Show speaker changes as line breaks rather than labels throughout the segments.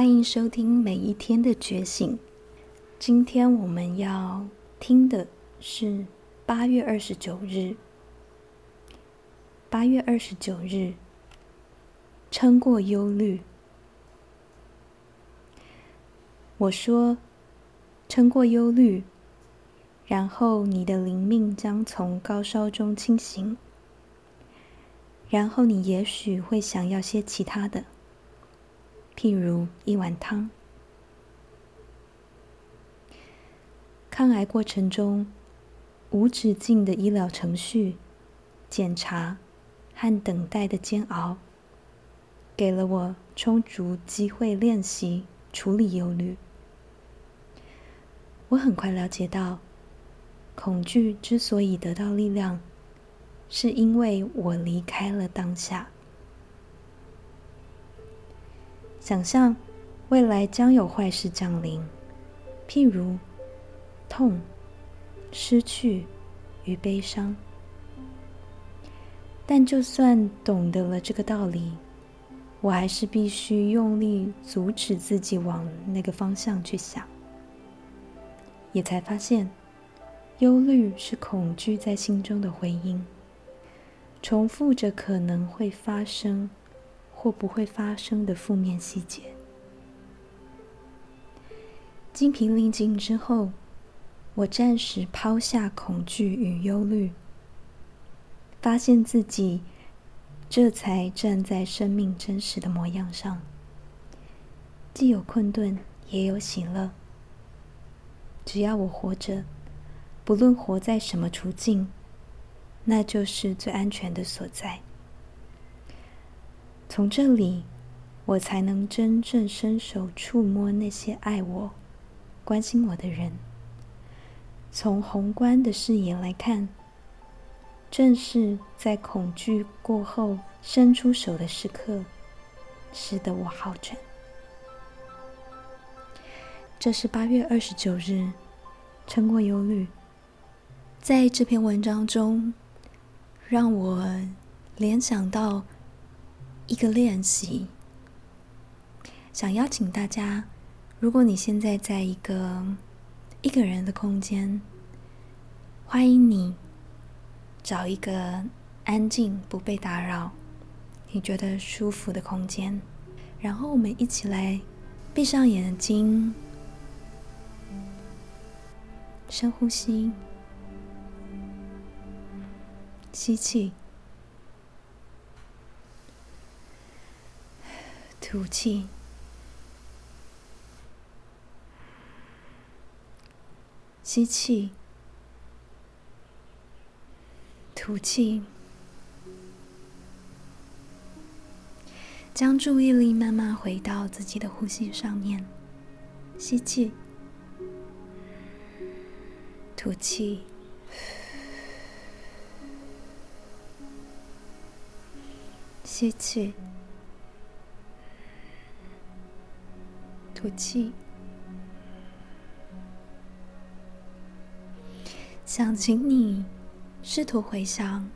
歡迎收聽每一天的覺醒。今天我們要聽的是八月二十九日。八月二十九日，撐過憂慮。我說，撐過憂慮，然後你的靈命將從高燒中清醒。然後你也許會想要些其他的。譬如一碗湯。抗癌過程中，無止境的醫療程序、檢查和等待的煎熬，給了我充足機會練習處理憂慮。我很快了解到，恐懼之所以得到力量，是因為我離開了當下。想象未來將有壞事降臨，譬如痛、失去與悲傷。但就算懂得了這個道理，我還是必須用力阻止自己往那個方向去想，也才發現，憂慮是恐懼在心中的回音，重複着可能會發生。或不會發生的負面細節。精疲力盡之後，我暫時拋下恐懼與憂慮，發現自己這才站在生命真實的模樣上，既有困頓，也有喜樂。只要我活着，不論活在什麼處境，那就是最安全的所在。從這裡，我才能真正伸手觸摸那些愛我、關心我的人。從宏觀的視野來看，正是在恐懼過後伸出手的時刻，使得我好轉。這是八月二十九日，撐過憂慮。在這篇文章中，讓我聯想到。一個練習，想邀請大家：如果你現在在一個一個人的空間，歡迎你找一個安靜、不被打擾、你覺得舒服的空間，然後我們一起來閉上眼睛，深呼吸，吸氣。吐氣，吸氣，吐氣，將注意力慢慢回到自己的呼吸上面。吸氣，吐氣，吸氣。吐氣，想請你試圖回想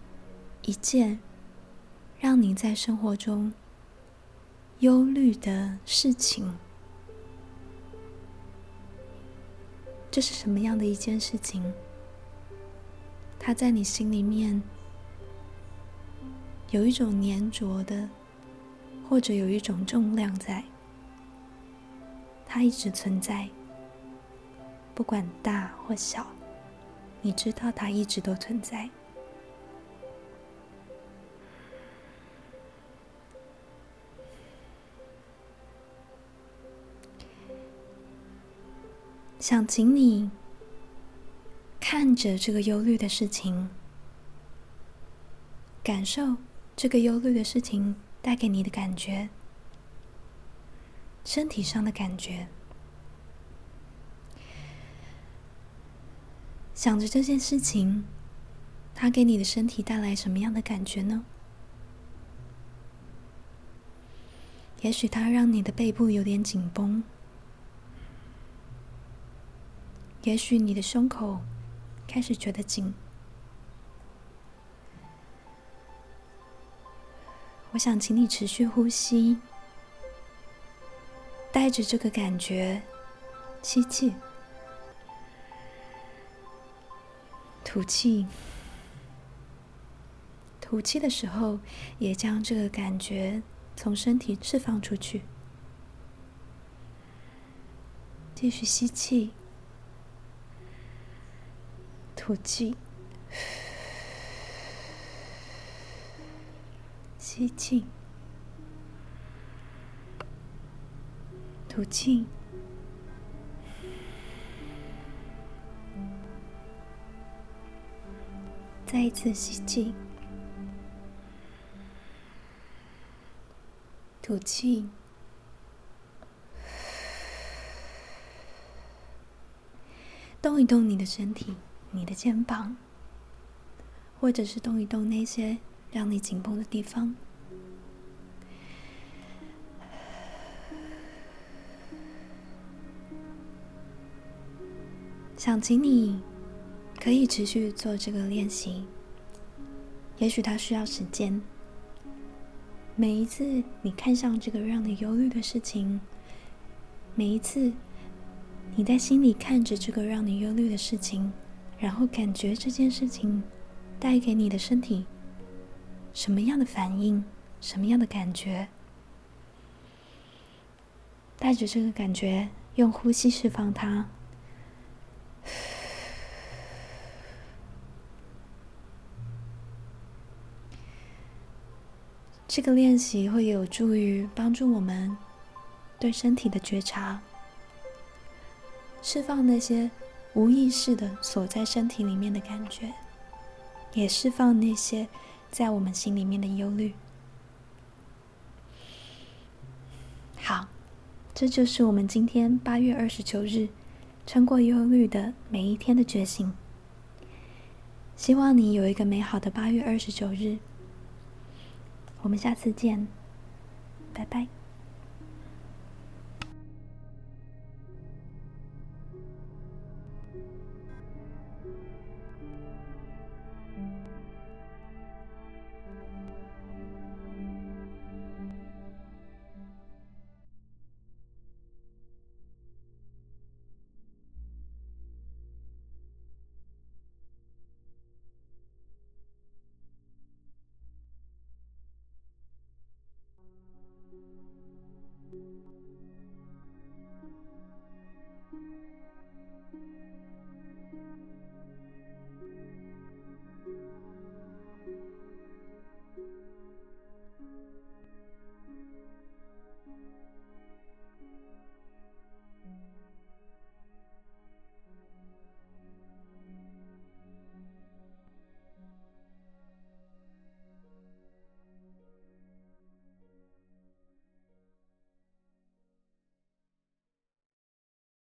一件讓你在生活中憂慮的事情。這是什麼樣的一件事情？它在你心裡面有一種黏著的，或者有一種重量在。它一直存在，不管大或小，你知道它一直都存在。想請你看着這個憂慮的事情，感受這個憂慮的事情帶給你的感覺。身體上的感覺，想着這件事情，它給你的身體帶來什麼樣的感覺呢？也許它讓你的背部有點緊繃，也許你的胸口開始覺得緊。我想請你持續呼吸。帶着這個感覺，吸氣，吐氣。吐氣的時候，也將這個感覺從身體釋放出去。繼續吸氣，吐氣，吸氣。吐氣，再一次吸氣，吐氣，動一動你的身體，你的肩膀，或者是動一動那些讓你緊繃的地方。想請你可以持續做這個練習。也許它需要時間。每一次你看上這個讓你憂慮的事情，每一次你在心裡看着這個讓你憂慮的事情，然後感覺這件事情帶給你的身體什麼樣的反應，什麼樣的感覺，帶着這個感覺，用呼吸釋放它。這個練習會有助於幫助我們對身體的覺察，釋放那些無意識的鎖在身體裡面的感覺，也釋放那些在我們心裡面的憂慮。好，這就是我們今天八月二十九日。撐過憂慮的每一天的覺醒。希望你有一個美好的八月二十九日。我們下次見，拜拜。